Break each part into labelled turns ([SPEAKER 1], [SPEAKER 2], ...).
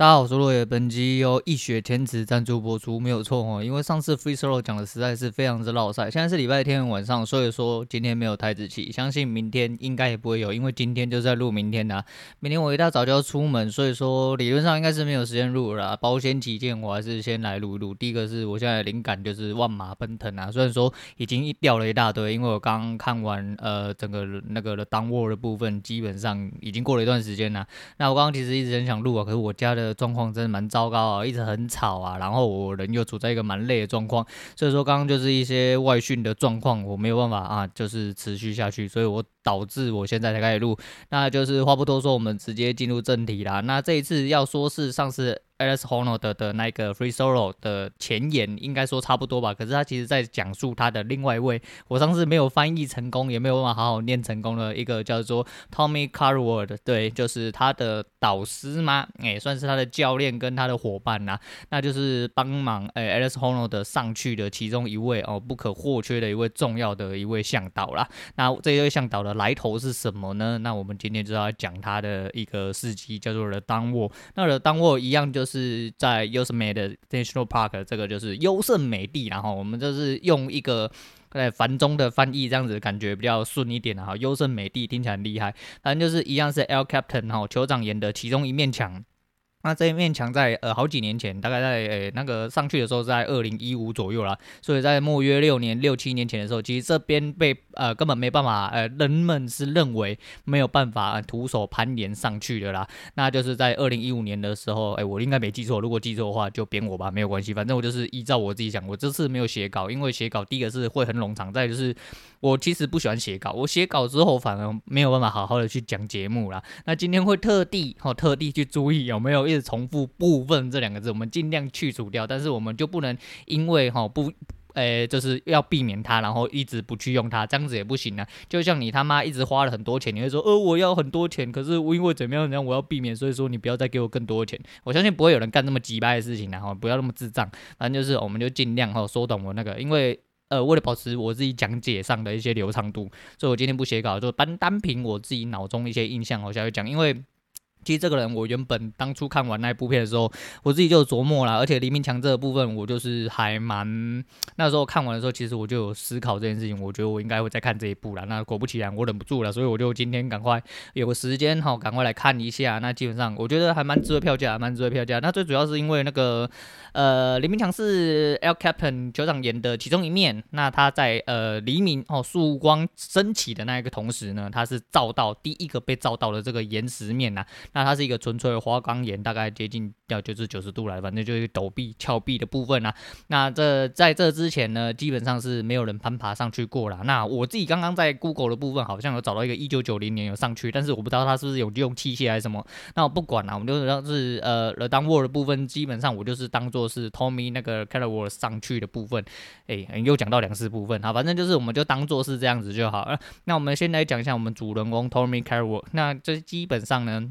[SPEAKER 1] 大家好，我是落葉。本集由一雪前恥贊助播出，沒有錯，因為上次 free solo 講的實在是非常之烙賽，現在是禮拜天晚上，所以說今天沒有太子氣，相信明天應該也不會有，因為今天就是在錄，明天吶、啊，明天我一大早就要出門，所以說理論上應該是沒有時間錄了啦。保險起見，我還是先來錄一錄。第一個是我現在靈感就是萬馬奔騰啊，雖然說已經掉了一大堆，因為我剛看完呃整個那個 Dawn Wall 的部分，基本上已經過了一段時間了、啊。那我剛剛其實一直很想錄啊，可是我家的。狀況真的蠻糟糕啊，一直很吵啊，然後我人又處在一個蠻累的狀況，所以說剛剛就是一些外訓的狀況，我沒有辦法啊，就是持續下去，所以我。導致我現在才開始錄，那就是話不多說，我們直接進入正題啦。那這一次要說是上次 Alex Honnold 的、的那個 Free Solo 的前言，應該說差不多吧。可是他其實在講述他的另外一位，我上次沒有翻譯成功，也沒有辦法好好念成功的一個叫做 Tommy Caldwell 對，就是他的導師嘛，哎、欸，算是他的教練跟他的伙伴啦、啊。那就是幫忙誒、欸、Alex Honnold 上去的其中一位哦，不可或缺的一位重要的一位向導啦。那這一位向導的。來頭是什麼呢？那我們今天就要講他的一個事蹟，叫做 The Dawn Wall。那 The Dawn Wall 一樣就是在 Yosemite National Park，這個就是優勝美地。然後我們就是用一個在繁中的翻譯，這樣子感覺比較順一點的哈。優勝美地聽起來很厲害，反正就是一樣是 L Captain 哈、哦、酋長岩，的其中一面牆。那這一面牆在呃好幾年前，大概在呃、欸、那個上去的時候，在二零一五左右啦，所以在莫約六年六七年前的時候，其實這邊被呃根本沒辦法，呃、欸、人們是認為沒有辦法徒手攀岩上去的啦。那就是在二零一五年的時候，哎、欸，我應該沒記錯，如果記錯的話就編我吧，沒有關係，反正我就是依照我自己講。我這次沒有寫稿，因為寫稿第一個是會很冗長在，再就是我其實不喜歡寫稿，我寫稿之後反而沒有辦法好好的去講節目啦。那今天會特地哈特地去注意有沒有。一直重複部分這兩個字，我們盡量去除掉。但是我們就不能因為吼不，誒、欸，就是要避免它，然後一直不去用它，這樣子也不行啊。就像你他媽一直花了很多錢，你會說，呃，我要很多錢，可是我因為怎麼樣，怎樣我要避免，所以說你不要再給我更多的錢。我相信不會有人幹那麼雞巴的事情然、啊、後不要那麼智障。反正就是，我們就盡量吼縮短我那個，因為呃，為了保持我自己講解上的一些流暢度，所以我今天不寫稿，就單單憑我自己腦中一些印象，我下去講，因為。其實這個人，我原本當初看完那一部片的時候，我自己就琢磨了。而且黎明牆這個部分，我就是還蠻那時候看完的時候，其實我就有思考這件事情。我覺得我應該會再看這一部了。那果不其然，我忍不住了，所以我就今天趕快有個時間哈，趕快來看一下。那基本上我覺得還蠻值得票價，蠻值得票價。那最主要是因為那個呃，黎明牆是 El Capitan 酋長岩的其中一面。那他在呃黎明哦，曙光升起的那一個同時呢，他是照到第一個被照到的這個岩石面呐、啊。那它是一個純粹的花崗岩，大概接近要就是九十度來，反正就是陡壁、峭壁的部分啊。那這在這之前呢，基本上是沒有人攀爬上去過啦。那我自己剛剛在 Google 的部分，好像有找到一個一九九零年有上去，但是我不知道它是不是有利用器械還是什麼。那我不管了、啊，我們就是呃，The Dawn Wall 部分基本上我就是當做是 Tommy 那個 Caldwell 上去的部分。誒、欸，又講到兩次部分好、啊、反正就是我們就當做是這樣子就好了、呃。那我們先來講一下我們主人翁 Tommy Caldwell，那這基本上呢。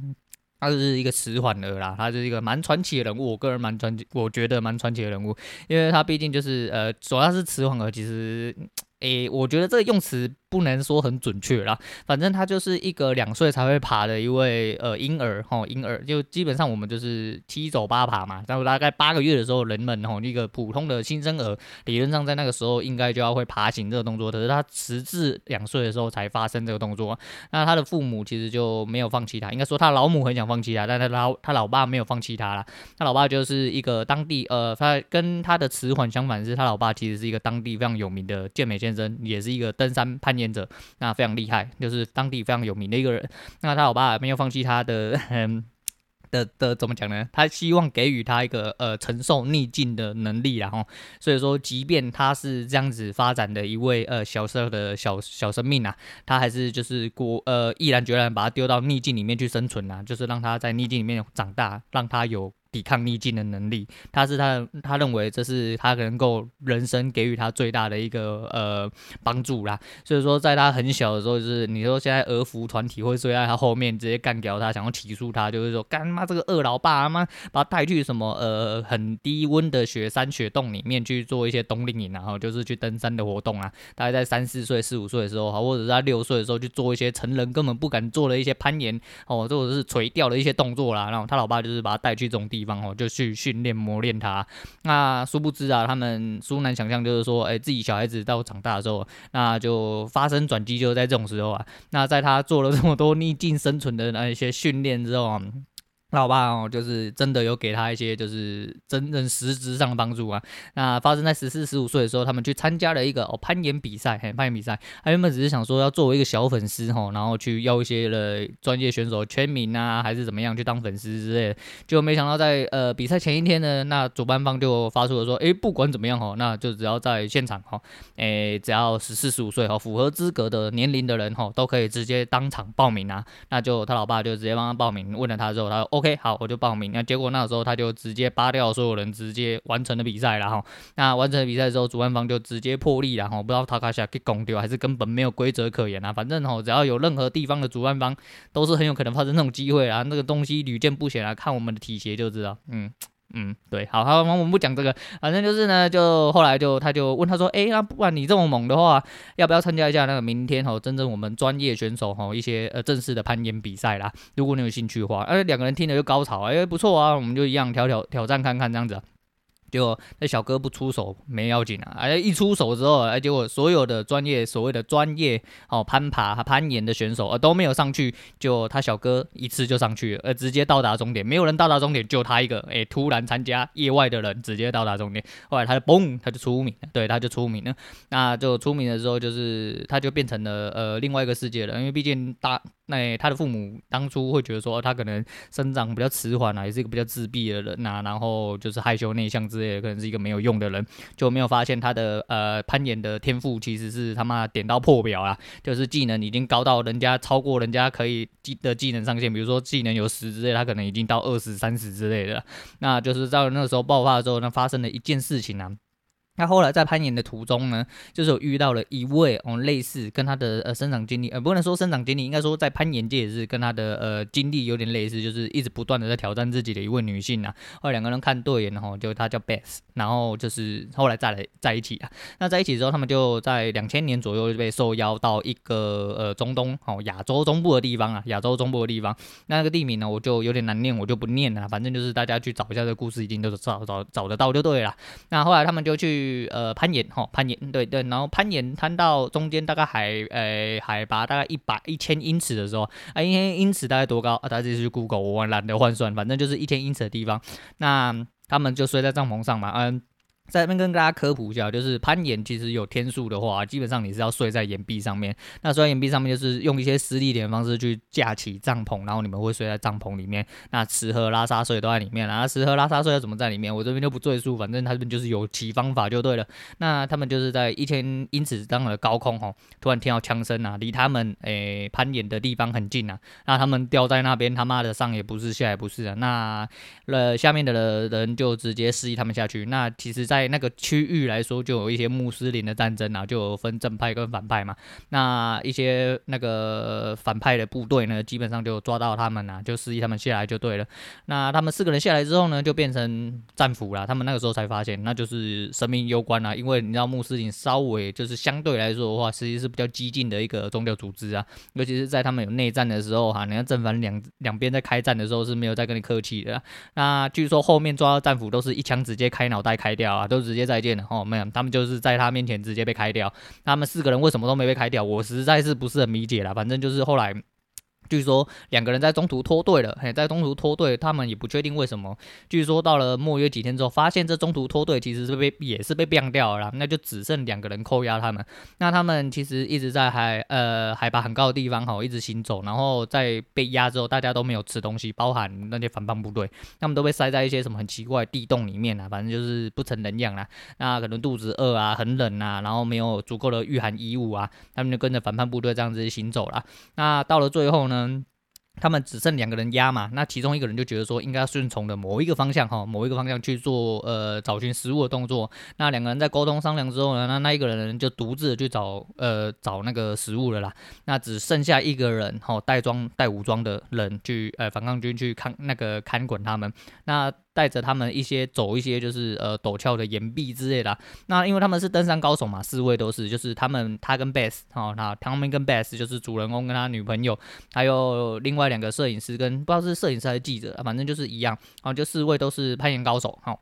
[SPEAKER 1] 他就是一個遲緩兒啦，他是一個蠻傳奇的人物，我個人蠻傳奇，我覺得蠻傳奇的人物，因為他畢竟就是呃，主要是遲緩兒，其實。誒、欸，我覺得這個用詞不能說很準確啦，反正他就是一個兩歲才會爬的一位呃嬰兒吼嬰兒，就基本上我們就是七走八爬嘛。然後大概八個月的時候，人們吼那個普通的新生兒，理論上在那個時候應該就要會爬行這個動作，可是他遲至兩歲的時候才發生這個動作。那他的父母其實就沒有放棄他，應該說他老母很想放棄他，但他老他老爸沒有放棄他啦。他老爸就是一個當地呃，他跟他的遲緩相反是，他老爸其實是一個當地非常有名的健美健。人也是一個登山攀岩者，那非常厲害，就是當地非常有名的一個人。那他老爸沒有放棄他的，嗯、的的怎麼講呢？他希望給予他一個呃承受逆境的能力，然後所以說，即便他是這樣子發展的一位呃小時候的小小生命啊，他還是就是果呃毅然決然把他丟到逆境裡面去生存啊，就是讓他在逆境裡面長大，讓他有。抵抗逆境的能力，他是他他認為這是他能夠人生給予他最大的一個呃幫助啦。所以說在他很小的時候，就是你說現在俄服團體會追在他後面直接幹掉他，想要起訴他，就是說幹嘛媽這個二老爸媽把他帶去什麼呃很低溫的雪山雪洞裡面去做一些冬令營啊，哦，然後就是去登山的活動啊。大概在三四歲、四五歲的時候哈，或者是他六歲的時候去做一些成人根本不敢做的一些攀岩哦，或者是垂釣的一些動作啦。然後他老爸就是把他帶去種地。地方哦，就去訓練磨練他。那殊不知啊，他們殊難想象，就是說，哎、欸，自己小孩子到長大的時候，那就發生轉機，就在這種時候啊。那在他做了這麼多逆境生存的那一些訓練之後、啊。那老爸哦，就是真的有給他一些就是真正實質上的幫助啊。那發生在十四十五歲的時候，他們去參加了一個哦攀岩比賽，嘿，攀岩比賽。他原本只是想說要作為一個小粉絲哈、哦，然後去要一些的專業選手簽名啊，還是怎麼樣去當粉絲之類的。就沒想到在呃比賽前一天呢，那主辦方就發出了說，哎、欸，不管怎麼樣哈，那就只要在現場哈，哎、欸，只要十四十五歲哈符合資格的年齡的人哈，都可以直接當場報名啊。那就他老爸就直接幫他報名，問了他之後，他說。OK，好，我就報名。那結果那時候他就直接扒掉所有人，直接完成了比賽，然後那完成了比賽之後，主辦方就直接破例然後不知道他卡下給攻掉還是根本沒有規則可言啊。反正齁，只要有任何地方的主辦方都是很有可能發生這種機會啊。那個東西屢見不鮮啊，看我們的體協就知道。嗯。嗯，對，好，好，我們不講這個，反正就是呢，就後來就他就問他說，哎、欸，那不管你這麼猛的話，要不要參加一下那個明天哈、哦，真正我們專業選手哈、哦、一些呃正式的攀岩比賽啦？如果你有興趣的話，哎、啊，兩個人聽了就高潮啊，哎、欸，不錯啊，我們就一樣挑挑挑戰看看這樣子。就那、欸、小哥不出手沒要緊啊、欸，一出手之後，哎、欸，結果所有的專業所謂的專業哦、喔、攀爬和攀岩的選手、呃、都沒有上去，就他小哥一次就上去了，而、呃、直接到達終點，沒有人到達終點就他一個，哎、欸，突然參加意外的人直接到達終點，後來他就嘣他就出名對，他就出名了，那就出名的時候就是他就變成了呃另外一個世界了，因為畢竟大。那他的父母當初會覺得說他可能生長比較遲緩啊，也是一個比較自閉的人啊，然後就是害羞內向之類的，可能是一個沒有用的人，就沒有發現他的呃攀岩的天賦其實是他媽點到破表啊。就是技能已經高到人家超過人家可以技的技能上限，比如說技能有十之類，他可能已經到二十、三十之類的啊，那就是到了那個時候爆發的時候呢，發生了一件事情啊。他後來在攀岩的途中呢，就是有遇到了一位哦，類似跟他的呃生長經歷，呃不能說生長經歷，應該說在攀岩界也是跟他的呃經歷有點類似，就是一直不斷的在挑戰自己的一位女性啊。後來兩個人看對眼哦，然後就她叫 Beth，然後就是後來再來在一起啊。那在一起之後，他們就在兩千年左右就被受邀到一個呃中東哦亞洲中部的地方啊，亞洲中部的地方。那個地名呢，我就有點難念，我就不念了啊。反正就是大家去找一下這個故事，一定都找找找得到就對了啊。那後來他們就去。去呃攀岩哈，攀岩、哦、攀岩對對，然後攀岩攀到中間大概海呃海拔大概一百一千英尺的時候，啊、呃、一千英尺大概多高啊？大、哦、家就去 Google，我懶得換算，反正就是一千英尺的地方，那他們就睡在帳篷上嘛，嗯、呃。在這邊跟大家科普一下，就是攀岩其實有天數的話，啊，基本上你是要睡在岩壁上面。那睡在岩壁上面，就是用一些支力點的方式去架起帳篷，然後你們會睡在帳篷裡面。那吃喝拉撒睡都在裡面了。吃、啊、喝拉撒睡要怎麼在裡面？我這邊就不贅述，反正他這邊就是有其方法就對了。那他們就是在一千英尺這樣的高空，吼，突然聽到槍聲啊，離他們誒、欸、攀岩的地方很近啊。那他們掉在那邊，他媽的上也不是下也不是啊，那呃下面的人就直接示意他們下去。那其實，在在那個區域來說，就有一些穆斯林的戰爭啊，就有分正派跟反派嘛。那一些那個反派的部隊呢，基本上就抓到他們了啊，就示意他們下來就對了。那他們四個人下來之後呢，就變成戰俘了。他們那個時候才發現，那就是生命攸關吶啊，因為你知道穆斯林稍微就是相對來說的話，實際是比較激進的一個宗教組織啊。尤其是在他們有內戰的時候哈啊，你看正反兩兩邊在開戰的時候是沒有再跟你客氣的啊。那據說後面抓到的戰俘都是一槍直接開腦袋開掉啊。都直接再見了哦，沒有，他們就是在他面前直接被開掉。他們四個人為什麼都沒被開掉？我實在是不是很理解了。反正就是後來。據說兩個人在中途脫隊了，嘿，在中途脫隊，他們也不確定為什麼。據說到了莫約幾天之後，發現這中途脫隊其實是被也是被 ban 掉了，那就只剩兩個人扣押他們。那他們其實一直在海呃海拔很高的地方哈、哦，一直行走，然後在被押之後，大家都沒有吃東西，包含那些反叛部隊，他們都被塞在一些什麼很奇怪的地洞裡面啊，反正就是不成人樣啦。那可能肚子餓啊，很冷啊，然後沒有足夠的禦寒衣物啊，他們就跟着反叛部隊這樣子行走了。那到了最後呢。嗯，他們只剩兩個人壓嘛，那其中一個人就覺得說應該順從的某一個方向哈，某一個方向去做呃找尋食物的動作。那兩個人在溝通商量之後呢，那那一個人就獨自去找呃找那個食物了啦。那只剩下一個人哈，帶裝帶武裝的人去呃反抗軍去看那個看管他們。那帶着他們一些走一些就是呃陡峭的岩壁之類的，啊，那因為他們是登山高手嘛，四位都是就是他們他跟 Bass 哦，那 Tommy 跟 Bass 就是主人公跟他女朋友，還有另外兩個攝影師跟不知道是攝影師還是記者，啊，反正就是一樣，然、哦、就四位都是攀岩高手好。哦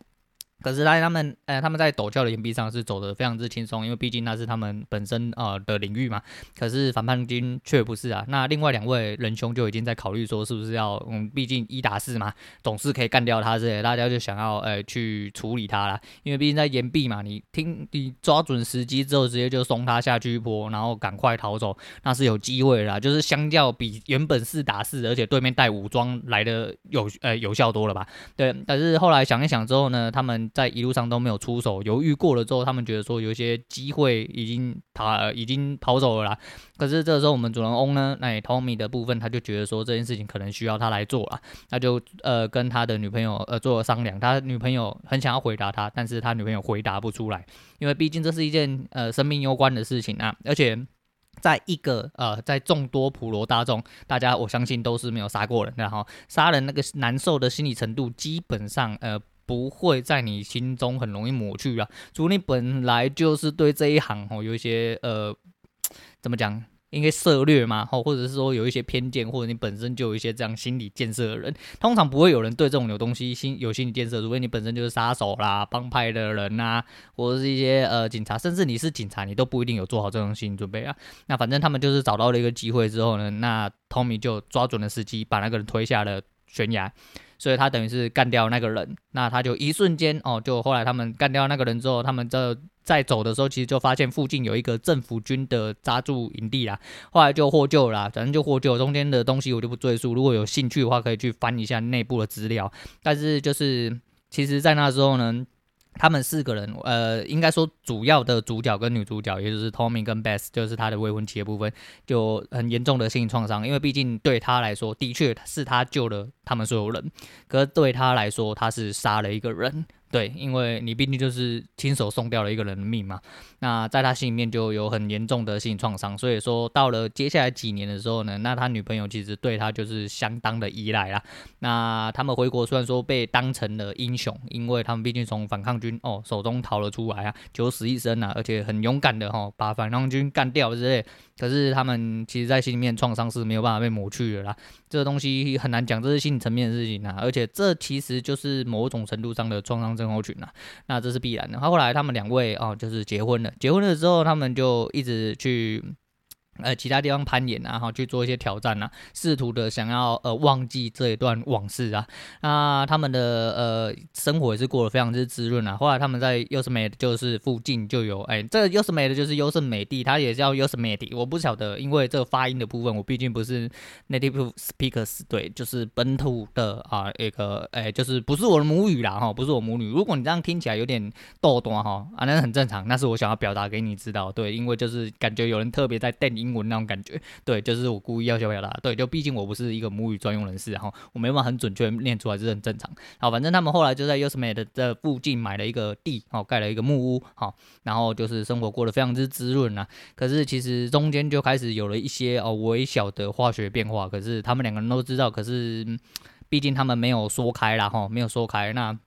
[SPEAKER 1] 可是來他們呃、欸、他們在陡峭的岩壁上是走得非常之輕鬆，因為畢竟那是他們本身呃的領域嘛。可是反叛軍卻不是啊。那另外兩位仁兄就已經在考慮說，是不是要嗯，畢竟一打四嘛，總是可以幹掉他之類的，大家就想要呃、欸、去處理他了，因為畢竟在岩壁嘛，你聽你抓準時機之後，直接就送他下巨坡，然後趕快逃走，那是有機會啦。就是相較比原本四打四，而且對面帶武裝來得有呃、欸、有效多了吧？對。但是後來想一想之後呢，他們。在一路上都沒有出手，猶豫過了之後，他們覺得說有一些機會已經他、呃、已經跑走了啦。可是這個時候，我們主人翁呢，那、哎、Tommy 的部分，他就覺得說這件事情可能需要他來做了。他就呃跟他的女朋友呃做了商量，他女朋友很想要回答他，但是他女朋友回答不出來，因為畢竟這是一件呃生命攸關的事情啊。而且在一個呃在眾多普羅大眾，大家我相信都是沒有殺過人的哈，殺人那個難受的心理程度，基本上呃。不會在你心中很容易抹去啊！除非你本來就是對這一行哦有一些呃，怎麼講，應該涉獵嘛，吼、哦，或者是說有一些偏見，或者你本身就有一些這樣心理建設的人，通常不會有人對這種有東西心有心理建設。如果你本身就是殺手啦、幫派的人吶、啊，或者是一些呃警察，甚至你是警察，你都不一定有做好這種心理準備啊。那反正他們就是找到了一個機會之後呢，那湯米就抓準了時機，把那個人推下了。懸崖，所以他等於是幹掉那個人，那他就一瞬間哦，就後來他們幹掉那個人之後，他們這在走的時候，其實就發現附近有一個政府軍的紮駐營地啦，後來就獲救啦，反正就獲救。中間的東西我就不贅述，如果有興趣的話，可以去翻一下內部的資料。但是就是，其實在那時候呢。他們四個人，呃，應該說主要的主角跟女主角，也就是 Tommy 跟 Beth，就是他的未婚妻的部分，就很嚴重的性創傷，因為畢竟對他來說，的確是他救了他們所有人，可是對他來說，他是殺了一個人。對，因為你畢竟就是親手送掉了一個人的命嘛，那在他心裡面就有很嚴重的心理創傷，所以說到了接下來幾年的時候呢，那他女朋友其實對他就是相當的依賴啦。那他們回國雖然說被當成了英雄，因為他們畢竟從反抗軍哦手中逃了出來啊，九死一生啊，而且很勇敢的哈、哦、把反抗軍幹掉之類，可是他們其實在心裡面創傷是沒有辦法被抹去的啦，這個東西很難講，這是心理層面的事情啊，而且這其實就是某種程度上的創傷。群啊，那這是必然的。他後來他們兩位哦，就是結婚了。結婚了之後，他們就一直去。呃，其他地方攀岩，啊，然後去做一些挑戰啊，試圖的想要呃忘記這一段往事啊。那、呃、他們的呃生活也是過得非常之滋潤啊。後來他們在優勝美就是附近就有，哎、欸，這個優勝美的就是優勝美地，它也是叫優勝美地。我不曉得，因為這個發音的部分，我畢竟不是 native speakers，對，就是本土的啊一個，哎，就是不是我的母語啦，哈，不是我母語。如果你這樣聽起來有點逗懂哈，啊，那很正常，那是我想要表達給你知道，對，因為就是感覺有人特別在帶你。英文那種感覺，對，就是我故意要學表達，對，就畢竟我不是一個母語專用人士、啊，然後我沒辦法很準確念出來，是很正常。好，反正他們後來就在 Yosemite 這附近買了一個地，好、哦，蓋了一個木屋，好、哦，然後就是生活過得非常之滋潤啊。可是其實中間就開始有了一些哦微小的化學變化，可是他們兩個人都知道，可是畢、嗯、竟他們沒有說開啦。哈、哦，沒有說開，那。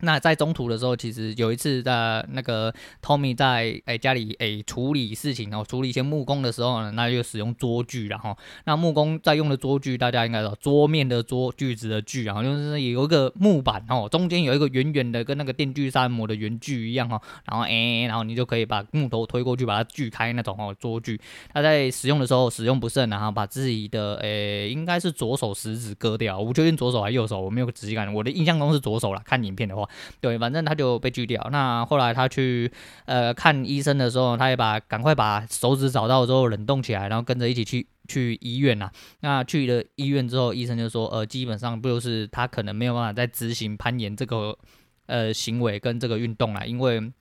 [SPEAKER 1] 那在中途的時候，其實有一次在那個 Tommy 在哎、欸、家裡哎、欸、處理事情哦，處理一些木工的時候呢，那就使用桌鋸，然後那木工在用的桌鋸，大家應該知道，桌面的桌鋸子的鋸，然後就是有一個木板哦，中間有一個圓圓的，跟那個電鋸上磨的圓鋸一樣哦。然後哎，然後你就可以把木頭推過去，把它鋸開那種哦。桌鋸，他在使用的時候使用不慎，然後把自己的哎應該是左手食指割掉，我不確定左手還是右手，我沒有仔細看，我的印象中是左手啦，看影片的話。對，反正他就被鋸掉。那後來他去呃看醫生的時候，他也把趕快把手指找到之後冷凍起來，然後跟着一起去去醫院啊。那去了醫院之後，醫生就說，呃，基本上不就是他可能沒有辦法再執行攀岩這個呃行為跟這個運動了，因為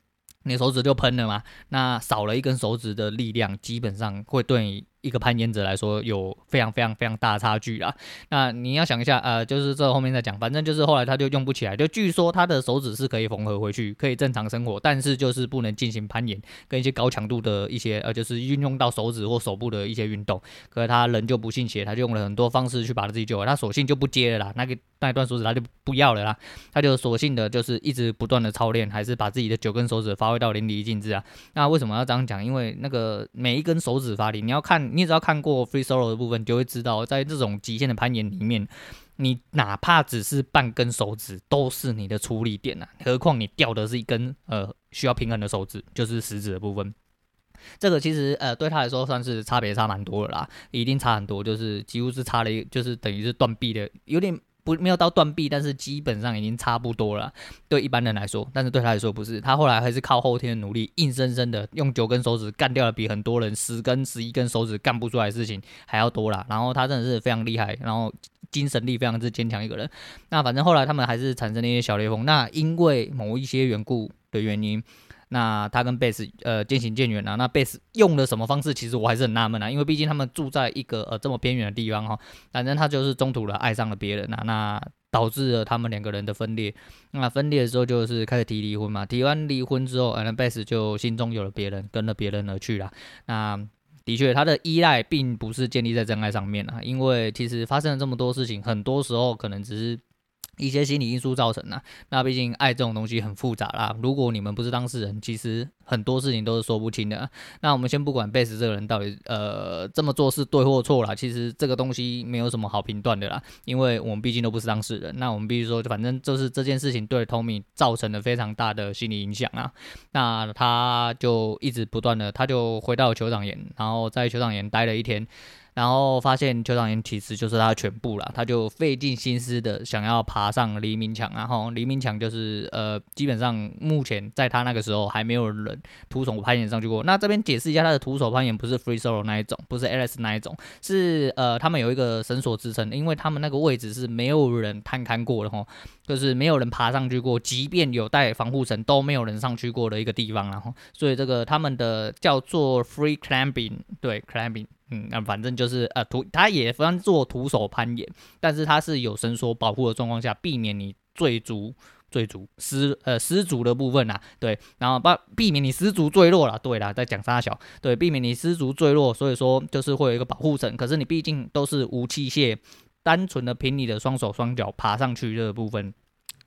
[SPEAKER 1] 你手指就噴了嘛。那少了一根手指的力量，基本上會對你。一個攀岩者來說，有非常非常非常大的差距啊。那你要想一下，呃，就是這後面再講，反正就是後來他就用不起來，就據說他的手指是可以縫合回去，可以正常生活，但是就是不能進行攀岩跟一些高強度的一些呃，就是運用到手指或手部的一些運動。可是他人就不信邪，他就用了很多方式去把自己救了，他索性就不接了啦，那個那一段手指他就不要了啦，他就索性的就是一直不斷的操練，還是把自己的九根手指發揮到淋漓盡致啊。那為什麼要這樣講？因為那個每一根手指發力，你要看。你只要看過 free solo 的部分，就會知道，在這種極限的攀岩裡面，你哪怕只是半根手指，都是你的出力點啊，何況你掉的是一根呃、需要平衡的手指，就是食指的部分。這個其實呃對他來說算是差別差蠻多的啦，一定差很多，就是幾乎是差了一，就是等於是斷臂的，有點。不，沒有到斷臂，但是基本上已經差不多了啦。對一般人來說，但是對他來說不是。他後來還是靠後天的努力，硬生生的用九根手指幹掉了比很多人十根、十一根手指幹不出來的事情還要多啦。然後他真的是非常厲害，然後精神力非常之堅強一個人。那反正後來他們還是產生了一些小裂縫。那因為某一些緣故的原因。那他跟貝斯呃漸行漸遠了啊，那貝斯用了什麼方式？其實我還是很納悶啊，因為畢竟他們住在一個呃這麼偏遠的地方哈哦，反正他就是中途了愛上了別人啊，那導致了他們兩個人的分裂。那分裂的時候就是開始提離婚嘛，提完離婚之後，反正貝斯就心中有了別人，跟了別人而去了。那的確，他的依賴並不是建立在真愛上面啊，因為其實發生了這麼多事情，很多時候可能只是。一些心理因素造成的啊。那畢竟愛這種東西很複雜啦。如果你們不是當事人，其實很多事情都是說不清的。那我們先不管貝斯這個人到底呃這麼做是對或錯啦。其實這個東西沒有什麼好評斷的啦。因為我們畢竟都不是當事人。那我們必須說，反正就是這件事情對 Tommy 造成了非常大的心理影響啊。那他就一直不斷的，他就回到酋長岩，然後在酋長岩待了一天。然後發現酋長岩其實就是他的全部了，他就費盡心思的想要爬上黎明牆，啊，然後黎明牆就是呃，基本上目前在他那個時候還沒有人徒手攀岩上去過。那這邊解釋一下，他的徒手攀岩不是 free solo 那一種，不是 LS 那一種，是呃，他們有一個繩索支撐，因為他們那個位置是沒有人探勘過的，吼,就是沒有人爬上去過，即便有帶防護繩都沒有人上去過的一個地方，啊，然後所以這個他們的叫做 free climbing，對 climbing。那、嗯、反正就是呃徒，他也算做徒手攀岩，但是它是有繩索保護的狀況下，避免你墜足墜足失呃失足的部分吶、啊，對，然後把避免你失足墜落啦，對啦，再講三小，對，避免你失足墜落，所以說就是會有一個保護層，可是你畢竟都是無器械，單純的憑你的雙手雙腳爬上去這個部分。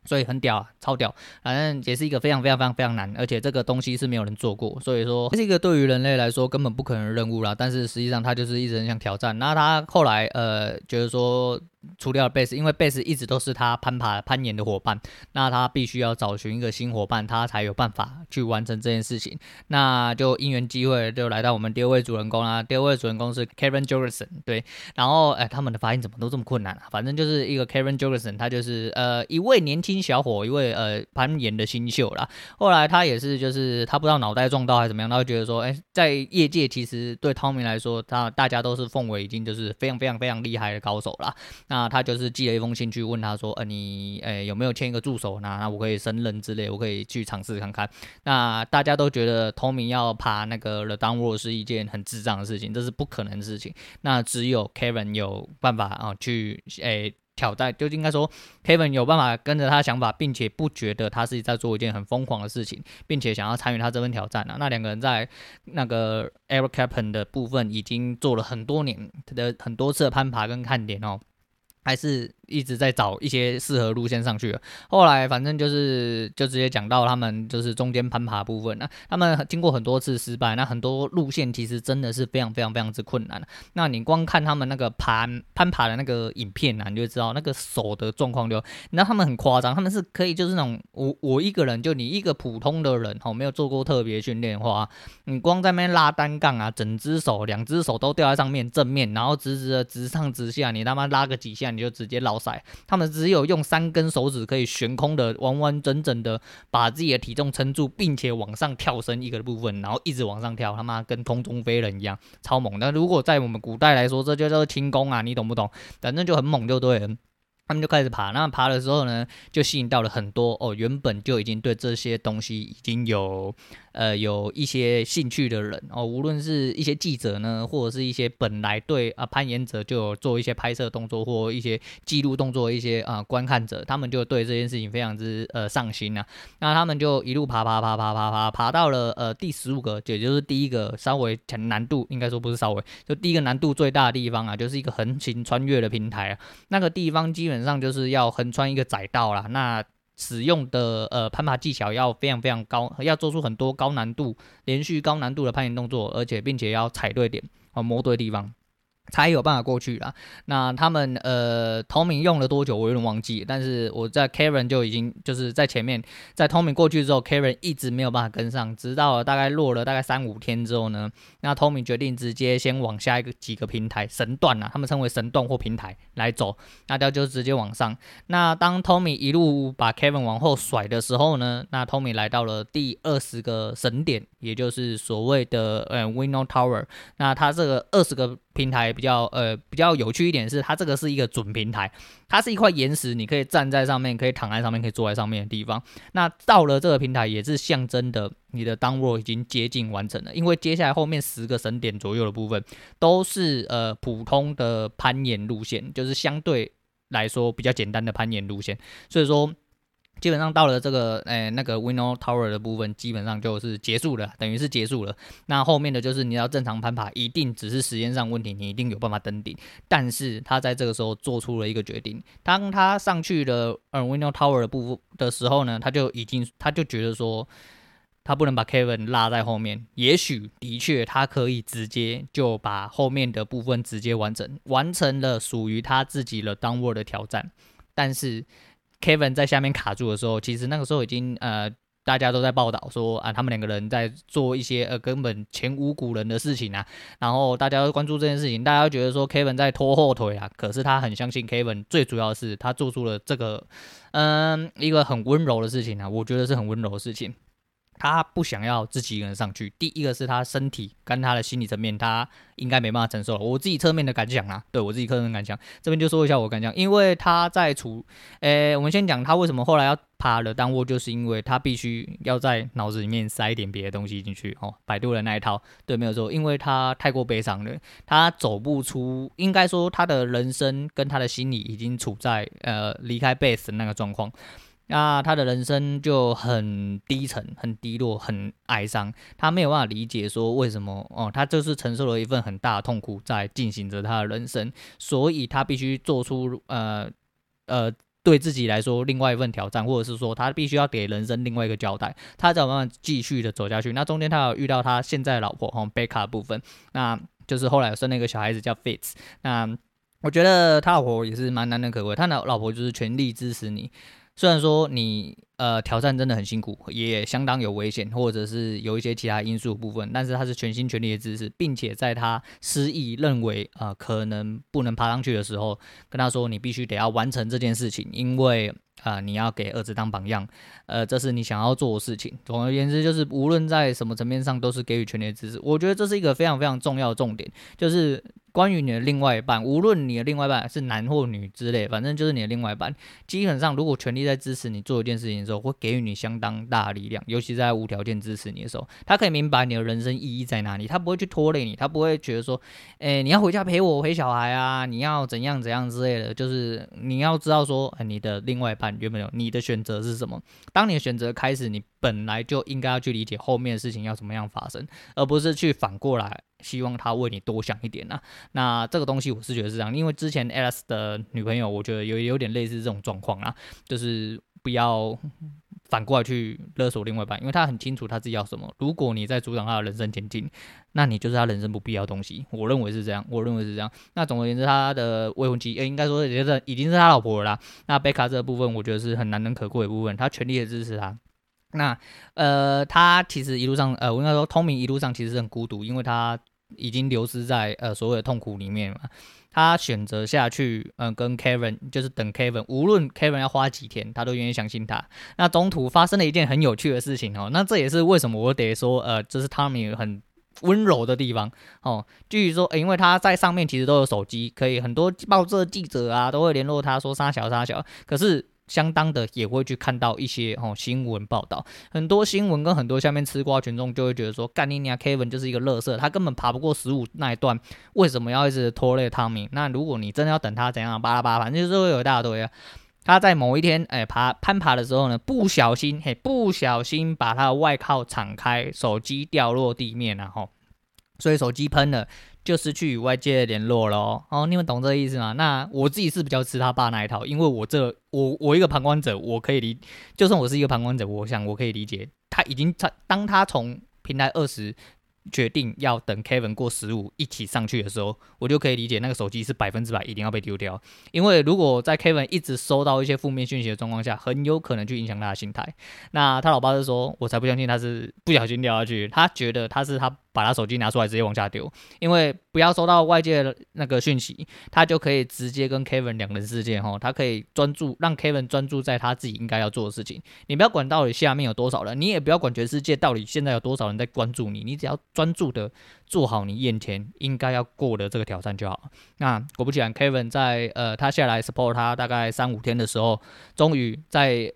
[SPEAKER 1] 所以很屌，啊，超屌，反正也是一個非常非常非常非常難，而且這個東西是沒有人做過，所以說這是一個對於人類來說根本不可能的任務啦。但是實際上他就是一直很想挑戰。那他後來呃，就是說。除掉了貝斯，因為貝斯一直都是他攀爬攀岩的伙伴，那他必須要找尋一個新伙伴，他才有辦法去完成這件事情。那就因緣機會就來到我們第二位主人公啦、啊。第二位主人公是 Kevin Jorgeson，對。然後哎、欸，他們的發音怎麼都這麼困難啊？反正就是一個 Kevin Jorgeson，他就是呃一位年輕小伙，一位呃攀岩的新秀啦。後來他也是就是他不知道腦袋撞到還是怎麼樣，他會覺得說，哎、欸，在業界其實對 Tommy 來說，他大家都是奉為已經就是非常非常非常厲害的高手啦。那他就是寄了一封信去問他說，呃，你誒、欸、有沒有簽一個助手呢？那我可以升任之類，我可以去嘗試看看。那大家都覺得 Tommy 要爬那個 The Dawn Wall 是一件很智障的事情，這是不可能的事情。那只有 Kevin 有辦法啊、哦，去誒、欸、挑戰，就應該說 Kevin 有辦法跟着他想法，並且不覺得他是在做一件很瘋狂的事情，並且想要參與他這份挑戰呢、啊？那兩個人在那個 El Capitan 的部分已經做了很多年，他的很多次的攀爬跟看點哦。還是。一直在找一些適合路線上去了，後來反正就是就直接講到他們就是中間攀爬的部分、啊。那他們經過很多次失敗，那很多路線其實真的是非常非常非常之困難，那你光看他們那個攀攀爬的那個影片、啊，你就知道那個手的狀況，就那他們很誇張，他們是可以就是那種我我一個人就你一個普通的人吼、喔，沒有做過特別訓練的話，你光在那邊拉單槓啊，整隻手兩隻手都吊在上面正面，然後直直的直上直下，你他媽拉個幾下你就直接老賽，他們只有用三根手指可以懸空的完完整整的把自己的體重撐住，並且往上跳升一個部分，然後一直往上跳，他媽跟空中飛人一樣，超猛。那如果在我們古代來說，這就叫做輕功啊，你懂不懂？反正就很猛，就對。他們就開始爬，那爬的時候呢，就吸引到了很多哦，原本就已經對這些東西已經有。呃，有一些興趣的人哦，無論是一些記者呢，或者是一些本來對啊、呃、攀岩者就有做一些拍攝動作或一些記錄動作，一些啊、呃、觀看者，他們就對這件事情非常之呃上心啊。那他們就一路爬爬爬爬爬爬,爬,爬,爬，爬到了呃第十五個，也就是第一個稍微難難度，應該說不是稍微，就第一個難度最大的地方啊，就是一個橫行穿越的平台啊。那個地方基本上就是要橫穿一個窄道啦。那使用的呃攀爬技巧要非常非常高，要做出很多高難度、連續高難度的攀岩動作，而且並且要踩對點啊、哦，磨對地方。才有辦法過去啦。那他們呃，Tommy 用了多久，我有點忘記。但是我在 Kevin 就已經就是在前面，在 Tommy 過去之後，Kevin 一直沒有辦法跟上，直到大概落了大概三五天之後呢，那 Tommy 決定直接先往下一個幾個平台神段啊，他們稱為神段或平台來走。那他就直接往上。那當 Tommy 一路把 Kevin 往後甩的時候呢，那 Tommy 來到了第二十個神點，也就是所謂的呃、嗯、Winnow Tower。那他這個二十個。平台比較呃比較有趣一點是，它這個是一個準平台，它是一塊岩石，你可以站在上面，可以躺在上面，可以坐在上面的地方。那到了這個平台，也是象徵的你的 Dawn Wall 已經接近完成了，因為接下來後面十個神點左右的部分都是呃普通的攀岩路線，就是相對來說比較簡單的攀岩路線，所以說。基本上到了這個誒、欸，那個 Wino Tower 的部分，基本上就是結束了，等於是結束了。那後面的就是你要正常攀爬，一定只是時間上問題，你一定有辦法登頂。但是他在這個時候做出了一個決定，當他上去的呃 Wino Tower 的部分的時候呢，他就已經他就覺得說，他不能把 Kevin 拉在後面。也許的確他可以直接就把後面的部分直接完成，完成了屬於他自己的 Dawn Wall 的挑戰，但是。Kevin 在下面卡住的時候，其實那個時候已經呃，大家都在報道說啊，他們兩個人在做一些呃根本前無古人的事情啊。然後大家都關注這件事情，大家都覺得說 Kevin 在拖後腿啊。可是他很相信 Kevin，最主要的是他做出了這個嗯一個很溫柔的事情啊，我覺得是很溫柔的事情。他不想要自己一個人上去。第一個是他身體跟他的心理層面，他應該沒辦法承受了。我自己側面的感想啊，對，我自己側面的感想，這邊就說一下我的感想。因為他在處，呃、欸，我們先講他為什麼後來要爬了 Dawn Wall，就是因為他必須要在腦子裡面塞一點別的東西進去哦，擺渡的那一套，對，沒有錯，因為他太過悲傷了，他走不出，應該說他的人生跟他的心理已經處在呃離開 base 的那個狀況。那他、啊、的人生就很低沉、很低落、很哀傷，他沒有辦法理解說為什麼哦，他、嗯、就是承受了一份很大的痛苦，在進行着他的人生，所以他必須做出呃呃對自己來說另外一份挑戰，或者是說他必須要給人生另外一個交代，他才有辦法繼續的走下去。那中間他有遇到他現在的老婆哈貝卡的部分，那就是後來生了一個小孩子叫 Fitz，那我覺得他老婆也是蠻難能可貴，他老老婆就是全力支持你。雖然說你呃挑戰真的很辛苦，也相當有危險，或者是有一些其他因素的部分，但是他是全心全力的支持，並且在他失意認為啊、呃、可能不能爬上去的時候，跟他說你必須得要完成這件事情，因為啊、呃、你要給兒子當榜樣，呃這是你想要做的事情。總而言之，就是無論在什麼層面上都是給予全力的支持。我覺得這是一個非常非常重要的重點，就是。關於你的另外一半，無論你的另外一半是男或女之類，反正就是你的另外一半。基本上，如果全力在支持你做一件事情的時候，會給予你相當大的力量，尤其在無條件支持你的時候，他可以明白你的人生意義在哪裡，他不會去拖累你，他不會覺得說，誒、欸，你要回家陪我、陪小孩啊，你要怎樣怎樣之類的。就是你要知道說，欸、你的另外一半有沒有你的選擇是什麼？當你的選擇開始，你。本來就應該要去理解後面的事情要怎麼樣發生，而不是去反過來希望他為你多想一點啊。那這個東西我是覺得是這樣，因為之前 Alice 的女朋友，我覺得有有點類似這種狀況啊，就是不要反過來去勒索另外一半，因為他很清楚他自己要什麼。如果你在阻擋他的人生前進，那你就是他人生不必要的東西。我認為是這樣，我認為是這樣。那總而言之，他的未婚妻，哎，應該說已經是已經是他老婆了啦。那貝卡這個部分，我覺得是很難能可貴的一部分，他全力的支持他。那呃，他其實一路上呃，我應該說，Tommy 一路上其實是很孤獨，因為他已經流失在呃所有的痛苦裡面嘛。他選擇下去，嗯、呃，跟 Kevin 就是等 Kevin，無論 Kevin 要花幾天，他都願意相信他。那中途發生了一件很有趣的事情哦，那這也是為什麼我得說呃，這、就是 Tommy 很溫柔的地方哦。據說、呃，因為他在上面其實都有手機，可以很多報社記者啊都會聯絡他說殺小殺小，可是。相當的也會去看到一些哦新聞報道很多新聞跟很多下面吃瓜群眾就會覺得說，幹你娘 Kevin 就是一個樂色，他根本爬不過十五，那一段，為什麼要一直拖累湯米？那如果你真的要等他怎樣，巴拉巴拉，反正就是會有一大堆啊。他在某一天誒爬攀爬，爬的時候呢，不小心嘿不小心把他的外套敞開，手機掉落地面，然、啊、後所以手機噴了。就失去與外界聯絡了哦，哦，你們懂這個意思嗎？那我自己是比較吃他爸那一套，因為我這我我一個旁觀者，我可以理，就算我是一個旁觀者，我想我可以理解，他已經他當他從平台二十決定要等 Kevin 過十五一起上去的時候，我就可以理解那個手機是百分之百一定要被丟掉，因為如果在 Kevin 一直收到一些負面訊息的狀況下，很有可能去影響他的心態。那他老爸就說，我才不相信他是不小心掉下去，他覺得他是他。把他手機拿出來，直接往下丟，因為不要收到外界的那個訊息，他就可以直接跟 Kevin 兩人世界齁，他可以專注，讓 Kevin 專注在他自己應該要做的事情。你不要管到底下面有多少人，你也不要管全世界到底現在有多少人在關注你，你只要專注的做好你眼前應該要過的這個挑戰就好。那果不其然，Kevin 在呃他下來 support 他大概三五天的時候，終於在。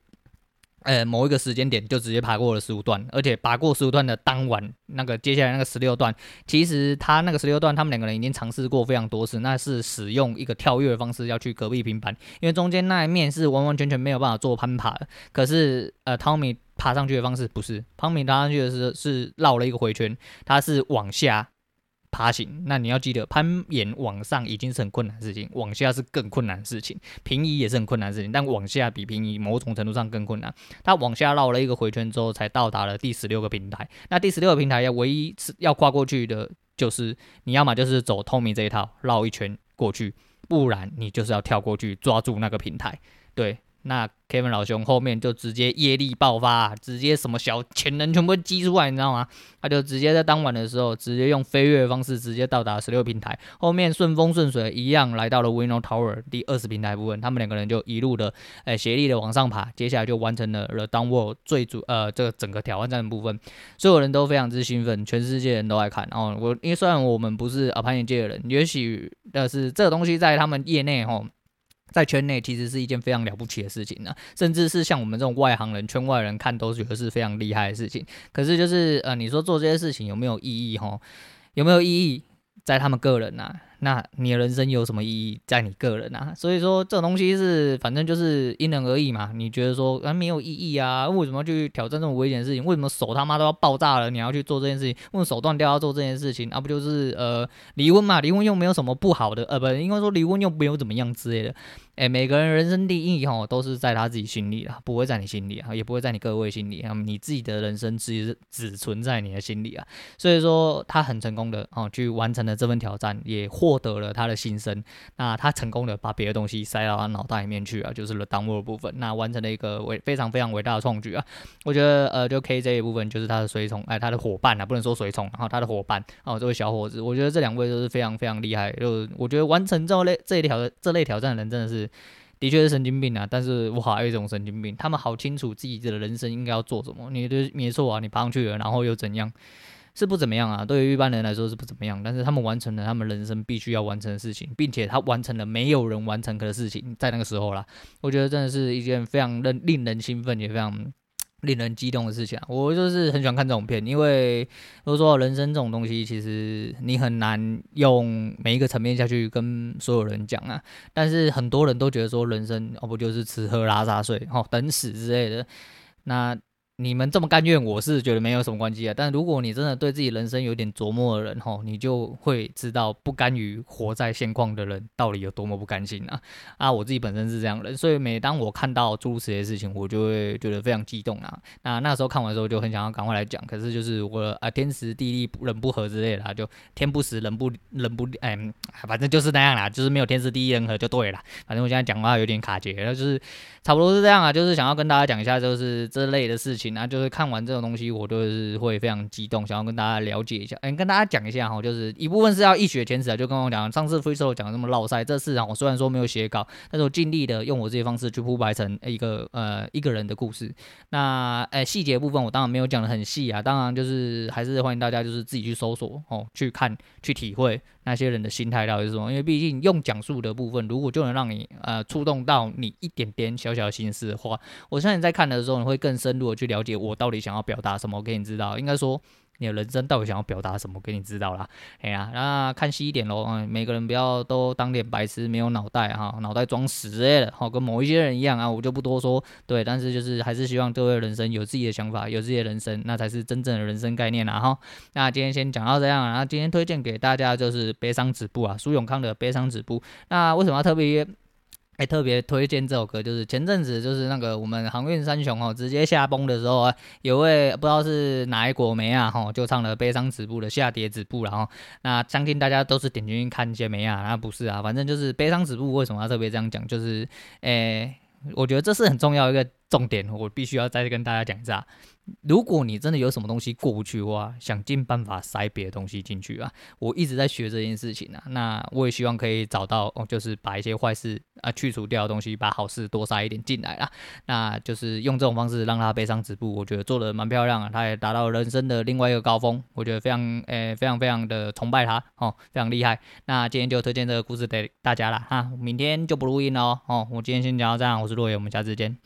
[SPEAKER 1] 呃，某一個時間點就直接爬過了十五段，而且爬過十五段的當晚，那個接下來那個十六段，其實他那個十六段，他們兩個人已經嘗試過非常多次，那是使用一個跳躍的方式要去隔壁平板，因為中間那一面是完完全全沒有辦法做攀爬的，可是，呃，湯米爬上去的方式不是，湯米爬上去的時候是，是繞了一個迴圈，他是往下。爬行，那你要記得，攀岩往上已經是很困難的事情，往下是更困難的事情。平移也是很困難的事情，但往下比平移某種程度上更困難。他往下繞了一個回圈之後，才到達了第十六個平台。那第十六個平台要唯一是要跨過去的就是，你要麼就是走 Tommy 這一套繞一圈過去，不然你就是要跳過去抓住那個平台，對。那 Kevin 老兄後面就直接業力爆發、啊，直接什麼小潛能全部激出來，你知道嗎？他就直接在當晚的時候，直接用飛躍的方式直接到達十六平台，後面順風順水一樣來到了 Wino Tower 第二十平台部分，他們兩個人就一路的誒協、欸、力的往上爬，接下來就完成了 The Dawn Wall 最主呃這個整個挑戰，戰的部分，所有人都非常之興奮，全世界人都在看。然、哦、後我因為雖然我們不是啊攀岩界的人，也許但是這個東西在他們業內吼。在圈內其實是一件非常了不起的事情呢，甚至是像我們這種外行人、圈外人看都覺得是非常厲害的事情。可是就是呃，你說做這些事情有沒有意義？吼，有沒有意義？在他們個人吶？那你的人生有什麼意義？在你個人啊，所以說這個東西是反正就是因人而異嘛。你覺得說啊沒有意義啊？為什麼要去挑戰這麼危險的事情？為什麼手他媽都要爆炸了，你要去做這件事情？為什麼手斷掉要做這件事情？那、啊、不就是呃離婚嘛？離婚又沒有什麼不好的，呃，不，應該說離婚又沒有怎麼樣之類的。哎、欸，每個人人生的意義吼，都是在他自己心裡啊，不會在你心裡啊，也不會在你各位心裡啊。你自己的人生只只存在你的心裡啊。所以說他很成功的哦，去完成了這份挑戰，也獲得了他的新生。那他成功的把別的東西塞到他腦袋裡面去啊，就是了。Dawn Wall 的部分，那完成了一個偉非常非常偉大的創舉啊。我覺得呃，就 KJ 這一部分就是他的隨從哎，他的伙伴啊，不能說隨從，然後他的伙伴哦，這位小伙子，我覺得這兩位都是非常非常厲害。就我覺得完成這類這一條的這類挑戰的人，真的是。的確是神經病啊，但是哇，一種神經病，他們好清楚自己的人生應該要做什麼。你對，沒錯啊，你爬上去了，然後又怎樣？是不怎麼樣啊？對於一般人來說是不怎麼樣，但是他們完成了他們人生必須要完成的事情，並且他完成了沒有人完成的事情，在那個時候啦，我覺得真的是一件非常令人興奮，也非常。令人激動的事情啊，我就是很喜歡看這種片，因為都說人生這種東西，其實你很難用每一個層面下去跟所有人講啊。但是很多人都覺得說，人生哦，不就是吃喝拉撒睡，哦，等死之類的。那你們這麼甘願，我是覺得沒有什麼關係啊。但如果你真的對自己人生有點琢磨的人吼，你就會知道不甘於活在現況的人到底有多麼不甘心啊！啊，我自己本身是這樣的人，所以每當我看到諸如此類的事情，我就會覺得非常激動啊。那那時候看完之後就很想要趕快來講，可是就是我啊，天時地利人不和之類的啊，就天不時人不人不哎，反正就是那樣啦，就是沒有天時地利人和就對了。反正我現在講話有點卡結了，就是差不多是這樣啊，就是想要跟大家講一下，就是這類的事情。那就是看完這種東西，我就是會非常激動，想要跟大家了解一下，哎、欸，跟大家講一下哈，就是一部分是要一雪前恥啊，就跟我講上次 Free Solo 講的那麼烙賽。這次啊，我雖然說沒有寫稿，但是我盡力的用我這些方式去鋪排成一個呃一個人的故事。那哎，細節部分我當然沒有講的很細啊，當然就是還是歡迎大家就是自己去搜索哦，去看去體會。那些人的心態到底是什麼？因為畢竟用講述的部分，如果就能讓你呃觸動到你一點點小小的心思的話，我相信你在看的時候，你會更深入的去了解我到底想要表達什麼。我給你知道，應該說。你的人生到底想要表達什麼？給你知道啦，哎呀，那看細一點咯。嗯，每個人不要都當點白痴，沒有腦袋哈，腦袋裝屎之類的哈，跟某一些人一樣啊，我就不多說。對，但是就是還是希望各位人生有自己的想法，有自己的人生，那才是真正的人生概念啦哈。那今天先講到這樣啊，今天推薦給大家就是《悲傷止步》啊，蘇永康的《悲傷止步》。那為什麼要特別？還特別推薦這首歌，就是前陣子就是那個我們航運三雄哦，直接下崩的時候啊，有位不知道是哪一國美啊，吼就唱了《悲傷止步》的下跌止步、哦，然後那相信大家都是點進去看一些沒啊，那不是啊，反正就是《悲傷止步》，為什麼要特別這樣講？就是誒、欸，我覺得這是很重要的一個。重點，我必須要再跟大家講一下。如果你真的有什麼東西過不去的話，想盡辦法塞別的東西進去啊！我一直在學這件事情啊，那我也希望可以找到，哦、就是把一些壞事啊去除掉的東西，把好事多塞一點進來啦。那就是用這種方式讓他悲傷止步。我覺得做得蠻漂亮啊，他也達到人生的另外一個高峰。我覺得非常誒、欸，非常非常的崇拜他哦，非常厲害。那今天就推薦這個故事給大家了哈，明天就不錄音了哦。哦，我今天先講到這樣，我是若野，我們下次見。